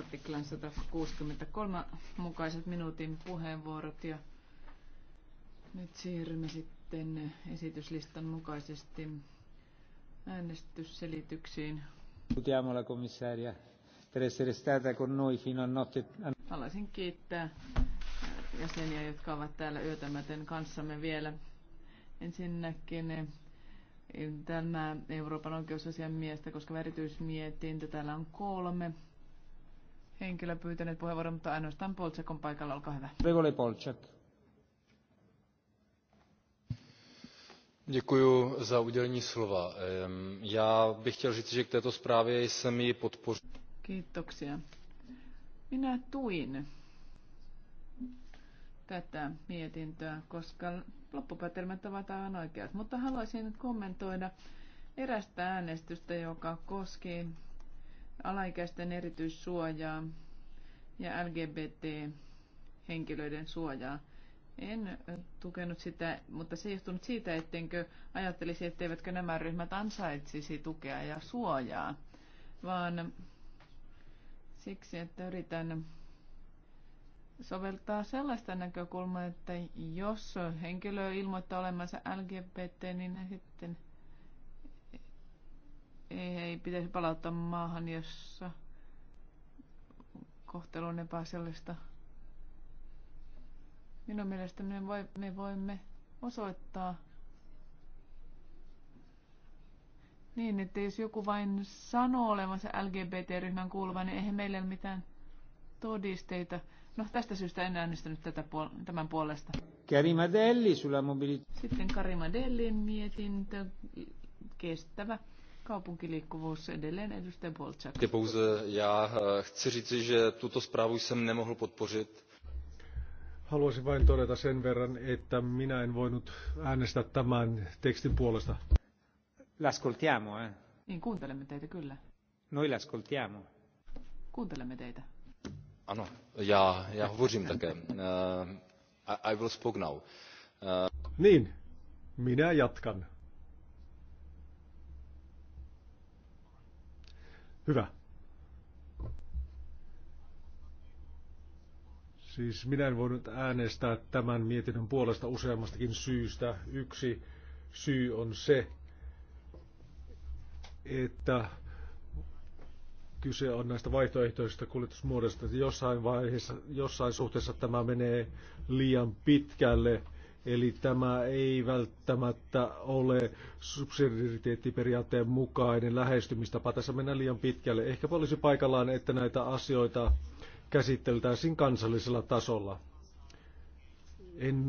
artiklan 163 mukaiset minuutin puheenvuorot ja nyt siirrymme sitten esityslistan mukaisesti äänestysselityksiin. Salutiamo la commissaria per essere stata con noi fino a notte. Haluaisin kiittää jäseniä, jotka ovat täällä yötämäten kanssamme vielä. Ensinnäkin eh, tämä Euroopan oikeusasiamiestä koska erityismietintö. Täällä on kolme henkilö pyytänyt puheenvuoron, mutta ainoastaan Poltsek on paikalla. Olkaa hyvä. Vegoli Poltsek. Děkuji za udělení slova. Já bych chtěl říct, že k této zprávě jsem ji podpořil. Kiitoksia. Minä tuin tätä mietintöä, koska loppupäätelmät ovat aivan oikeat. Mutta haluaisin kommentoida erästä äänestystä, joka koski alaikäisten erityissuojaa ja LGBT-henkilöiden suojaa. En tukenut sitä, mutta se ei johtunut siitä, ettenkö ajattelisi, etteivätkö nämä ryhmät ansaitsisi tukea ja suojaa, vaan siksi, että yritän soveltaa sellaista näkökulmaa, että jos henkilö ilmoittaa olemansa LGBT, niin sitten – pitäisi palauttaa maahan, jossa kohtelu on epäasiallista. Minun mielestäni me, voi, me voimme osoittaa niin, että jos joku vain sanoo olevansa LGBT-ryhmän kuuluva, niin eihän meillä ole mitään todisteita. No tästä syystä en äänestänyt tätä puol- tämän puolesta. Karima Delli sulla mobiili. Sitten Karima Dellin mietintö kestävä kaupunkiliikkuvuus edelleen edustaja Polčak. Pouze já eh, chci říci, že tuto zprávu jsem nemohl podpořit. Haluaisin vain todeta sen verran, että minä en voinut äänestää tämän tekstin puolesta. L'ascoltiamo, eh? Niin, kuuntelemme teitä kyllä. Noi l'ascoltiamo. Kuuntelemme teitä. Ano, já, já hovořím také. Uh, I, I will speak now. Uh... Niin, minä jatkan. Hyvä. Siis minä en voinut äänestää tämän mietinnön puolesta useammastakin syystä. Yksi syy on se, että kyse on näistä vaihtoehtoisista kuljetusmuodoista. Jossain vaiheessa, jossain suhteessa tämä menee liian pitkälle Eli tämä ei välttämättä ole subsidiariteettiperiaatteen mukainen lähestymistapa. Tässä mennään liian pitkälle. Ehkä olisi paikallaan, että näitä asioita käsiteltäisiin kansallisella tasolla. En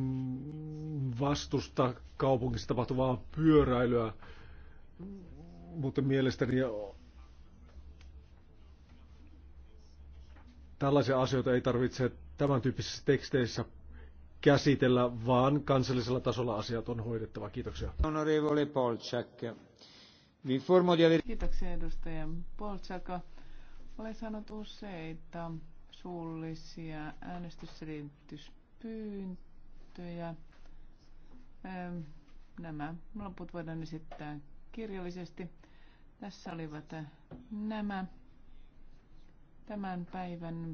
vastusta kaupungissa tapahtuvaa pyöräilyä, mutta mielestäni tällaisia asioita ei tarvitse tämän tyyppisissä teksteissä käsitellä, vaan kansallisella tasolla asiat on hoidettava. Kiitoksia. Honorevole Polchak. Kiitoksia edustaja Polchak. Olen saanut useita suullisia äänestysselityspyyntöjä. Nämä loput voidaan esittää kirjallisesti. Tässä olivat nämä tämän päivän